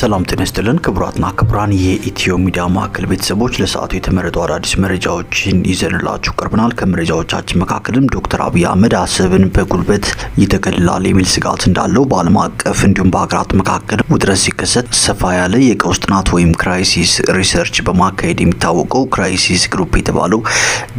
ሰላም ጤና ይስጥልን ክቡራትና ክቡራን የኢትዮ ሚዲያ ማዕከል ቤተሰቦች ለሰዓቱ የተመረጡ አዳዲስ መረጃዎችን ይዘንላችሁ ቀርበናል። ከመረጃዎቻችን መካከልም ዶክተር አብይ አህመድ አሰብን በጉልበት ይጠቀልላል የሚል ስጋት እንዳለው በዓለም አቀፍ እንዲሁም በሀገራት መካከል ውጥረት ሲከሰት ሰፋ ያለ የቀውስ ጥናት ወይም ክራይሲስ ሪሰርች በማካሄድ የሚታወቀው ክራይሲስ ግሩፕ የተባለው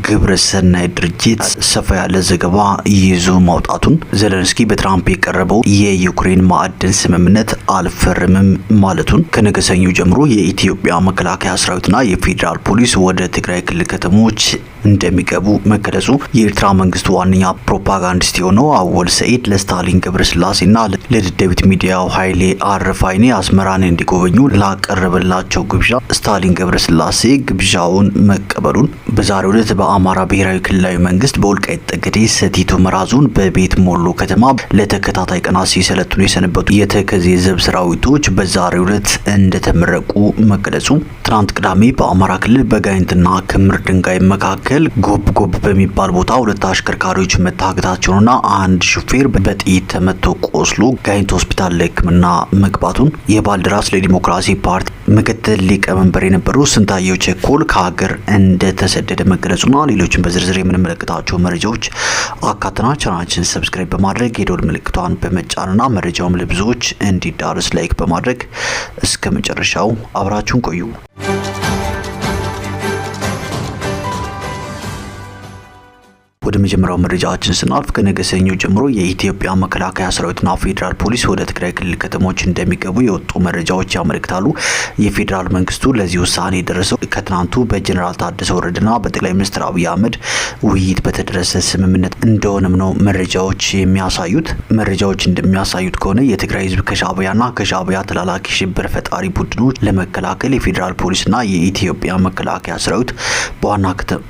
ግብረ ሰናይ ድርጅት ሰፋ ያለ ዘገባ ይዞ ማውጣቱን ዘለንስኪ በትራምፕ የቀረበው የዩክሬን ማዕድን ስምምነት አልፈርምም ማለቱን ከነገ ሰኞ ጀምሮ የኢትዮጵያ መከላከያ ሰራዊትና የፌዴራል ፖሊስ ወደ ትግራይ ክልል ከተሞች እንደሚገቡ መገለጹ የኤርትራ መንግስት ዋነኛ ፕሮፓጋንዲስት የሆነው አወል ሰኢድ ለስታሊን ገብረስላሴና ለደደቢት ሚዲያው ኃይሌ አረፋይኔ አስመራን እንዲጎበኙ ላቀረበላቸው ግብዣ ስታሊን ገብረስላሴ ግብዣውን መቀበሉን በዛሬው ዕለት በአማራ ብሔራዊ ክልላዊ መንግስት በወልቃይት ጠገዴ ሰቲት ሁመራ ዞን በቤት ሞሎ ከተማ ለተከታታይ ቀናት ሲሰለጥኑ የሰነበቱ የተከዜ ዘብ ሰራዊቶች በዛሬ በዛሬው ዕለት እንደተመረቁ መገለጹ ትናንት ቅዳሜ በአማራ ክልል በጋይንትና ክምር ድንጋይ መካከል ጎብ ጎብ በሚባል ቦታ ሁለት አሽከርካሪዎች መታገታቸውንና አንድ ሹፌር በጥይት ተመቶ ቆስሎ ጋይንት ሆስፒታል ለሕክምና መግባቱን የባልደራስ ለዲሞክራሲ ፓርቲ ምክትል ሊቀመንበር የነበሩ ስንታየው ቸኮል ከሀገር እንደተሰደደ መገለጹና ሌሎችን በዝርዝር የምንመለከታቸው መረጃዎች አካትና ቻናችን ሰብስክራይብ በማድረግ የደወል ምልክቷን በመጫንና መረጃውም ለብዙዎች እንዲዳረስ ላይክ በማድረግ እስከ መጨረሻው አብራችሁን ቆዩ። ወደ መጀመሪያው መረጃችን ስናልፍ ከነገ ሰኞ ጀምሮ የኢትዮጵያ መከላከያ ሰራዊትና ፌዴራል ፖሊስ ወደ ትግራይ ክልል ከተሞች እንደሚገቡ የወጡ መረጃዎች ያመለክታሉ። የፌዴራል መንግስቱ ለዚህ ውሳኔ የደረሰው ከትናንቱ በጀኔራል ታደሰ ወረደና በጠቅላይ ሚኒስትር አብይ አህመድ ውይይት በተደረሰ ስምምነት እንደሆነም ነው መረጃዎች የሚያሳዩት። መረጃዎች እንደሚያሳዩት ከሆነ የትግራይ ህዝብ ከሻዕቢያና ከሻቢያ ተላላኪ ሽብር ፈጣሪ ቡድኖች ለመከላከል የፌዴራል ፖሊስና የኢትዮጵያ መከላከያ ሰራዊት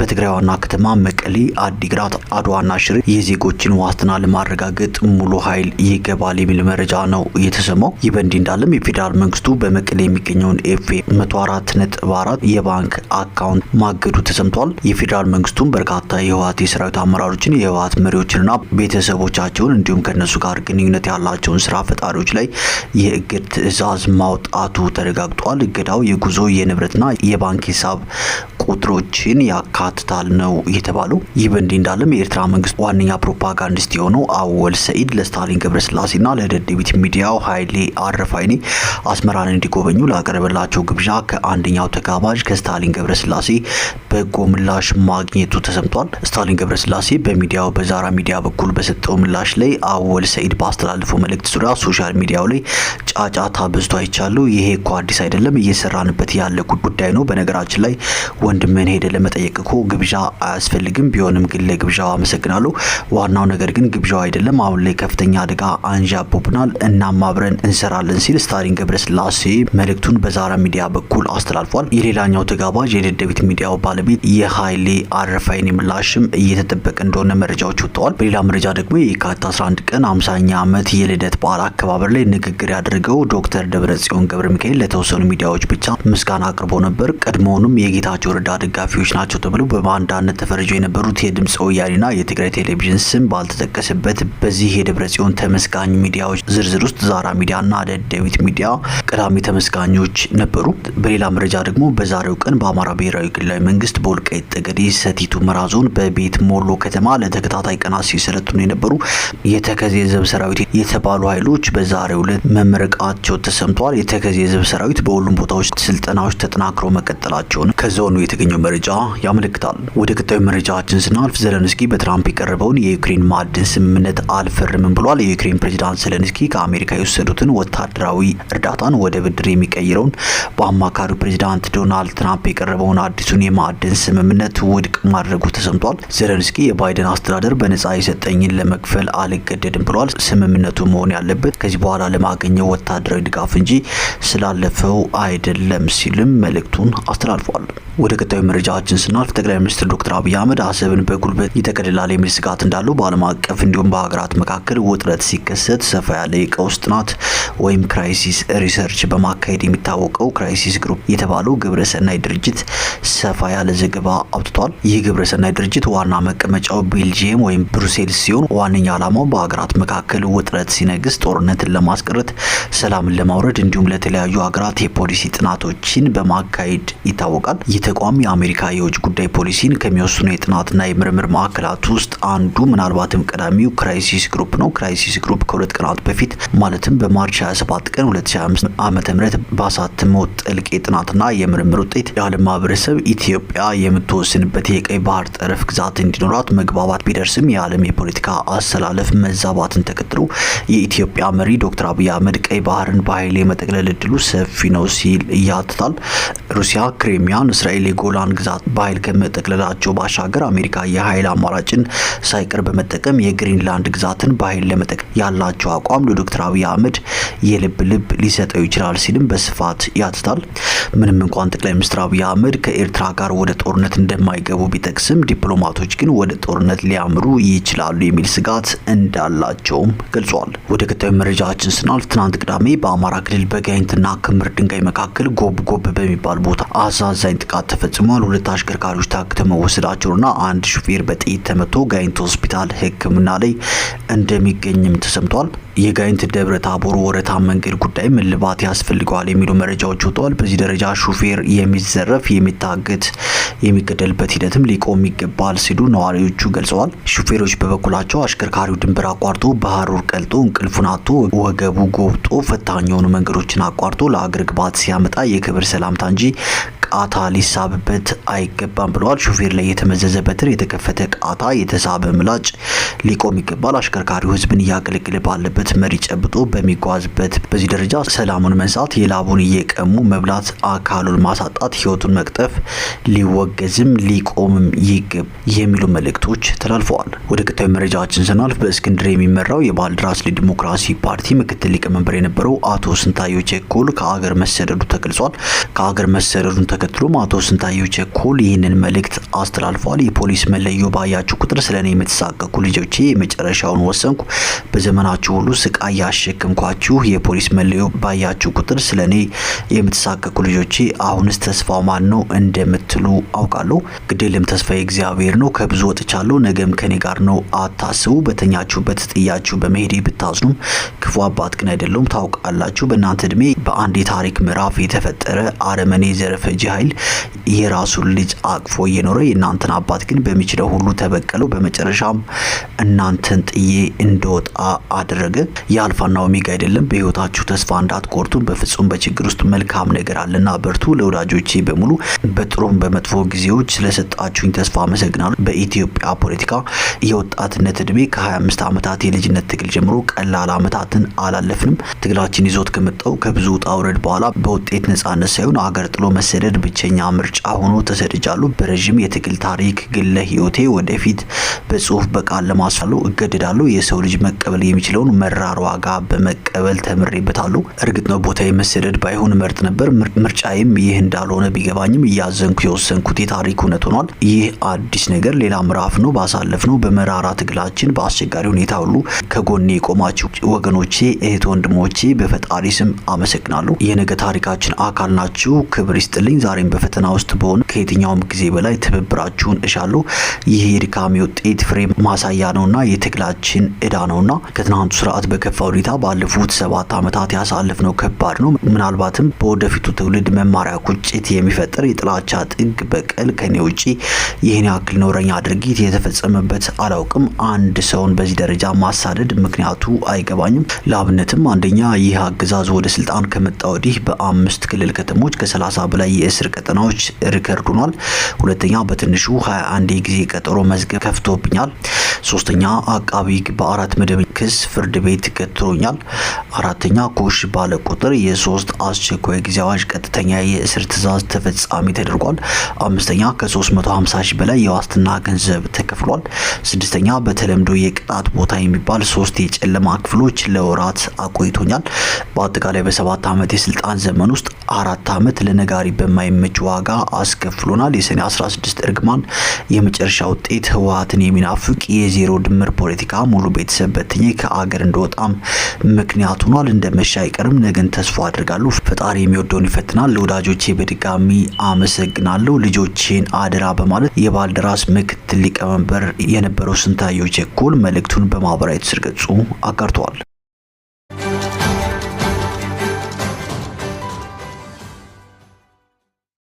በትግራይ ዋና ከተማ መቀሌ፣ አዲግራት፣ አድዋና ሽር የዜጎችን ዋስትና ለማረጋገጥ ሙሉ ኃይል ይገባል የሚል መረጃ ነው የተሰማው። ይህ በእንዲህ እንዳለም የፌዴራል መንግስቱ በመቀሌ የሚገኘውን ኤፌ መቶ አራት ነጥብ አራት የባንክ አካውንት ማገዱ ተሰምቷል። የፌዴራል መንግስቱም በርካታ የህወሀት የሰራዊት አመራሮችን የህወሓት መሪዎችንና ቤተሰቦቻቸውን እንዲሁም ከነሱ ጋር ግንኙነት ያላቸውን ስራ ፈጣሪዎች ላይ የእግድ ትዕዛዝ ማውጣቱ ተረጋግጧል። እገዳው የጉዞ የንብረትና የባንክ ሂሳብ ቁጥሮችን ያካትታል ነው የተባለው። ይህ በእንዲህ እንዳለም የኤርትራ መንግስት ዋነኛ ፕሮፓጋንዲስት የሆነው አወል ሰኢድ ለስታሊን ገብረስላሴና ለደደቢት ሚዲያው ሀይሌ አረፋይኔ አስመራን እንዲጎበኙ ላቀረበላቸው ግብዣ ከአንደኛው ተጋባዥ ከስታሊን ገብረስላሴ በጎ ምላሽ ማግኘቱ ተሰምቷል። ተናግረዋል። ስታሊን ገብረስላሴ በሚዲያው በዛራ ሚዲያ በኩል በሰጠው ምላሽ ላይ አወል ሰኢድ ባስተላለፈው መልእክት ዙሪያ ሶሻል ሚዲያው ላይ ጫጫታ በዝቶ አይቻለሁ። ይሄ እኮ አዲስ አይደለም፣ እየሰራንበት ያለ ጉዳይ ነው። በነገራችን ላይ ወንድምን ሄደ ለመጠየቅ እኮ ግብዣ አያስፈልግም። ቢሆንም ግን ለግብዣው አመሰግናለሁ። ዋናው ነገር ግን ግብዣው አይደለም። አሁን ላይ ከፍተኛ አደጋ አንዣቦብናል፣ እናም አብረን እንሰራለን ሲል ስታሊን ገብረስላሴ መልእክቱን በዛራ ሚዲያ በኩል አስተላልፏል። የሌላኛው ተጋባዥ የደደቢት ሚዲያው ባለቤት የሀይሌ አረፋይን ምላሽ ምላሽም እየተጠበቀ እንደሆነ መረጃዎች ወጥተዋል። በሌላ መረጃ ደግሞ የካቲት 11 ቀን 50ኛ ዓመት የልደት በዓል አከባበር ላይ ንግግር ያደረገው ዶክተር ደብረጽዮን ገብረ ሚካኤል ለተወሰኑ ሚዲያዎች ብቻ ምስጋና አቅርቦ ነበር። ቀድሞውንም የጌታቸው ረዳ ደጋፊዎች ናቸው ተብሎ በባንዳነት ተፈርጆ የነበሩት የድምፀ ወያኔና የትግራይ ቴሌቪዥን ስም ባልተጠቀሰበት በዚህ የደብረጽዮን ተመስጋኝ ሚዲያዎች ዝርዝር ውስጥ ዛራ ሚዲያና ደደቢት ሚዲያ ቀዳሚ ተመስጋኞች ነበሩ። በሌላ መረጃ ደግሞ በዛሬው ቀን በአማራ ብሔራዊ ክልላዊ መንግስት በወልቃይት ጠገዴ ሰቲት ሁመራ ዞን በቤት ሞሎ ከተማ ለተከታታይ ቀናት ሲሰለጥኑ የነበሩ የተከዜ ዘብ ሰራዊት የተባሉ ኃይሎች በዛሬው ዕለት መመረቃቸው ተሰምቷል። የተከዜ ዘብ ሰራዊት በሁሉም ቦታዎች ስልጠናዎች ተጠናክሮ መቀጠላቸውን ከዞኑ የተገኘው መረጃ ያመለክታል። ወደ ቀጣዩ መረጃችን ስናልፍ ዘለንስኪ በትራምፕ የቀረበውን የዩክሬን ማዕድን ስምምነት አልፈርምም ብሏል። የዩክሬን ፕሬዚዳንት ዘለንስኪ ከአሜሪካ የወሰዱትን ወታደራዊ እርዳታን ወደ ብድር የሚቀይረውን በአማካሪው ፕሬዚዳንት ዶናልድ ትራምፕ የቀረበውን አዲሱን የማዕድን ስምምነት ውድቅ ማድረጉ ተሰ ተሰምቷል። ዘለንስኪ የባይደን አስተዳደር በነጻ የሰጠኝን ለመክፈል አልገደድም ብሏል። ስምምነቱ መሆን ያለበት ከዚህ በኋላ ለማገኘው ወታደራዊ ድጋፍ እንጂ ስላለፈው አይደለም ሲልም መልእክቱን አስተላልፏል። ወደ ቀጣዩ መረጃችን ስናልፍ ጠቅላይ ሚኒስትር ዶክተር አብይ አህመድ አሰብን በጉልበት ይጠቀልላል የሚል ስጋት እንዳለው በዓለም አቀፍ እንዲሁም በሀገራት መካከል ውጥረት ሲከሰት ሰፋ ያለ የቀውስ ጥናት ወይም ክራይሲስ ሪሰርች በማካሄድ የሚታወቀው ክራይሲስ ግሩፕ የተባለው ግብረሰናይ ድርጅት ሰፋ ያለ ዘገባ አውጥቷል። ይህ ግብረሰናይ ድርጅት ዋና መቀመጫው ቤልጂየም ወይም ብሩሴልስ ሲሆን ዋነኛ ዓላማው በሀገራት መካከል ውጥረት ሲነግስ ጦርነትን ለማስቀረት፣ ሰላምን ለማውረድ እንዲሁም ለተለያዩ ሀገራት የፖሊሲ ጥናቶችን በማካሄድ ይታወቃል። ይህ ተቋም የአሜሪካ የውጭ ጉዳይ ፖሊሲን ከሚወስኑ የጥናትና የምርምር ማዕከላት ውስጥ አንዱ ምናልባትም ቀዳሚው ክራይሲስ ግሩፕ ነው። ክራይሲስ ግሩፕ ከሁለት ቀናት በፊት ማለትም በማርች 27 ቀን 2025 ዓመተ ምህረት ባሳተመው ጥልቅ የጥናትና የምርምር ውጤት የዓለም ማህበረሰብ ኢትዮጵያ የምትወስንበት የቀይ ባህር ጠረፍ ግዛት እንዲኖራት መግባባት ቢደርስም የዓለም የፖለቲካ አሰላለፍ መዛባትን ተከትሎ የኢትዮጵያ መሪ ዶክተር አብይ አህመድ ቀይ ባህርን በኃይል የመጠቅለል እድሉ ሰፊ ነው ሲል ያትታል። ሩሲያ ክሬሚያን፣ እስራኤል የጎላን ግዛት በኃይል ከመጠቅለላቸው ባሻገር አሜሪካ የኃይል አማራጭን ሳይቀር በመጠቀም የግሪንላንድ ግዛትን በኃይል ለመጠቅ ያላቸው አቋም ለዶክተር አብይ አህመድ የልብ ልብ ሊሰጠው ይችላል ሲልም በስፋት ያትታል። ምንም እንኳን ጠቅላይ ሚኒስትር አብይ አህመድ ከኤርትራ ጋር ወደ ጦርነት እንደማይገቡ ቢጠቅስም ዲፕሎማቶች ግን ወደ ጦርነት ሊያምሩ ይችላሉ የሚል ስጋት እንዳላቸውም ገልጿል። ወደ ቀጣዩ መረጃችን ስናልፍ ትናንት ቅዳሜ በአማራ ክልል በጋይንትና ክምር ድንጋይ መካከል ጎብ ጎብ በሚባል ቦታ አሳዛኝ ጥቃት ተፈጽሟል። ሁለት አሽከርካሪዎች ታክተው መወሰዳቸውና አንድ ሹፌር በጥይት ተመቶ ጋይንት ሆስፒታል ሕክምና ላይ እንደሚገኝም ተሰምቷል። የጋይንት ደብረ ታቦር ወረታ መንገድ ጉዳይ እልባት ያስፈልገዋል የሚሉ መረጃዎች ወጥተዋል። በዚህ ደረጃ ሹፌር የሚዘረፍ የሚታገት የሚገደልበት ሂደትም ሊቆም ይገባል ሲሉ ነዋሪዎቹ ገልጸዋል። ሹፌሮች በበኩላቸው አሽከርካሪው ድንበር አቋርጦ በሀሩር ቀልጦ እንቅልፉን አጥቶ ወገቡ ጎብጦ ፈታኝ የሆኑ መንገዶችን አቋርጦ ለአገር ግባት ሲያመጣ የክብር ሰላምታ እንጂ ቃታ ሊሳብበት አይገባም ብለዋል። ሹፌር ላይ የተመዘዘ በትር፣ የተከፈተ ቃታ፣ የተሳበ ምላጭ ሊቆም ይገባል። አሽከርካሪው ህዝብን እያገለገለ ባለበት መሪ ጨብጦ በሚጓዝበት በዚህ ደረጃ ሰላሙን መንሳት፣ የላቡን እየቀሙ መብላት፣ አካሉን ማሳጣት፣ ሕይወቱን መቅጠፍ ሊወገዝም ሊቆምም ይገብ የሚሉ መልእክቶች ተላልፈዋል። ወደ ቀጣዩ መረጃችን ስናልፍ በእስክንድር የሚመራው የባልደራስ ለዲሞክራሲ ፓርቲ ምክትል ሊቀመንበር የነበረው አቶ ስንታየሁ ቸኮል ከአገር መሰደዱ ተገልጿል። ከአገር መሰደዱን ተከትሎም አቶ ስንታየሁ ቸኮል ይህንን መልእክት አስተላልፏል። የፖሊስ መለዮ ባያችሁ ቁጥር ስለኔ የምትሳቀቁ ልጆቼ የመጨረሻውን ወሰንኩ። በዘመናችሁ ሁሉ ስቃይ ያሸክምኳችሁ። የፖሊስ መለዮ ባያችሁ ቁጥር ስለኔ የምትሳቀቁ ልጆቼ አሁንስ ተስፋው ማን ነው እንደምትሉ አውቃለሁ። ግዴለም ተስፋ እግዚአብሔር ነው። ከብዙ ወጥቻለሁ። ነገም ከኔ ጋር ነው። አታስቡ። በተኛችሁበት ጥያችሁ በመሄዴ ብታዝኑም ክፉ አባት ግን አይደለም ታውቃላችሁ። በእናንተ እድሜ በአንድ የታሪክ ምዕራፍ የተፈጠረ አረመኔ ዘረፈጀ ኃይል የራሱን ልጅ አቅፎ እየኖረ የእናንተን አባት ግን በሚችለው ሁሉ ተበቀለው። በመጨረሻም እናንተን ጥዬ እንደወጣ አደረገ። የአልፋና ኦሜጋ አይደለም። በህይወታችሁ ተስፋ እንዳትቆርቱን በፍጹም በችግር ውስጥ መልካም ነገር አለና በርቱ። ለወዳጆቼ በሙሉ በጥሩም በመጥፎ ጊዜዎች ስለሰጣችሁኝ ተስፋ አመሰግናለሁ። በኢትዮጵያ ፖለቲካ የወጣትነት እድሜ ከ25 ዓመታት የልጅነት ትግል ጀምሮ ቀላል ዓመታትን አላለፍንም። ትግላችን ይዞት ከመጣው ከብዙ ውጣ ውረድ በኋላ በውጤት ነጻነት ሳይሆን አገር ጥሎ መሰደድ ብቸኛ ምርጫ ሆኖ ተሰድጃሉ። በረዥም የትግል ታሪክ ግለ ህይወቴ ወደፊት በጽሁፍ በቃል ለማስፈለው እገደዳሉ የሰው ልጅ መቀበል የሚችለውን መራር ዋጋ በመቀበል ተምሬበታሉ። እርግጥ ነው ቦታ የመሰደድ ባይሆን መርጥ ነበር። ምርጫዬም ይህ እንዳልሆነ ቢገባኝም እያዘንኩ የወሰንኩት የታሪክ እውነት ሆኗል። ይህ አዲስ ነገር ሌላ ምዕራፍ ነው። ባሳለፍነው በመራራ ትግላችን በአስቸጋሪ ሁኔታ ሁሉ ከጎኔ የቆማችሁ ወገኖቼ፣ እህት ወንድሞቼ በፈጣሪ ስም አመሰግናለሁ። የነገ ታሪካችን አካል ናችሁ። ክብር ይስጥልኝ። ዛሬም በፈተና ውስጥ በሆኑ ከየትኛውም ጊዜ በላይ ትብብራችሁን እሻለሁ። ይህ የድካሜ ውጤት ፍሬ ማሳያ ነውና የትግላችን እዳ ነውና ከትናንቱ ስርዓት በከፋ ሁኔታ ባለፉት ሰባት ዓመታት ነው ከባድ ነው። ምናልባትም በወደፊቱ ትውልድ መማሪያ ቁጭት የሚፈጥር የጥላቻ ጥግ፣ በቀል ከኔ ውጪ ይህን ያክል ኖረኛ ድርጊት የተፈጸመበት አላውቅም። አንድ ሰውን በዚህ ደረጃ ማሳደድ ምክንያቱ አይገባኝም። ለአብነትም አንደኛ ይህ አገዛዝ ወደ ስልጣን ከመጣ ወዲህ በአምስት ክልል ከተሞች ከሰላሳ በላይ የእስ አስር ቀጠናዎች ሪከርድ ሆኗል። ሁለተኛ በትንሹ 21 የጊዜ ቀጠሮ መዝገብ ከፍቶብኛል። ሶስተኛ አቃቢ በአራት መደብ ክስ ፍርድ ቤት ገትሮኛል። አራተኛ ኮሽ ባለ ቁጥር የሶስት አስቸኳይ ጊዜ አዋጅ ቀጥተኛ የእስር ትዕዛዝ ተፈጻሚ ተደርጓል። አምስተኛ ከ350 ሺህ በላይ የዋስትና ገንዘብ ተከፍሏል። ስድስተኛ በተለምዶ የቅጣት ቦታ የሚባል ሶስት የጨለማ ክፍሎች ለወራት አቆይቶኛል። በአጠቃላይ በሰባት ዓመት የስልጣን ዘመን ውስጥ አራት ዓመት ለነጋሪ በማይመች ዋጋ አስከፍሎናል። የሰኔ 16 እርግማን የመጨረሻ ውጤት ህወሓትን የሚናፍቅ የዜሮ ድምር ፖለቲካ ሙሉ ቤተሰብ በትኜ ከአገር እንደወጣም ምክንያት ሆኗል። መሻ አይቀርም፣ ነገን ተስፋ አድርጋለሁ። ፈጣሪ የሚወደውን ይፈትናል። ለወዳጆቼ በድጋሚ አመሰግናለሁ። ልጆቼን አደራ በማለት የባልደራስ ምክትል ሊቀመንበር የነበረው ስንታየሁ ቸኮል መልእክቱን በማህበራዊ ትስስር ገጹ አጋርተዋል።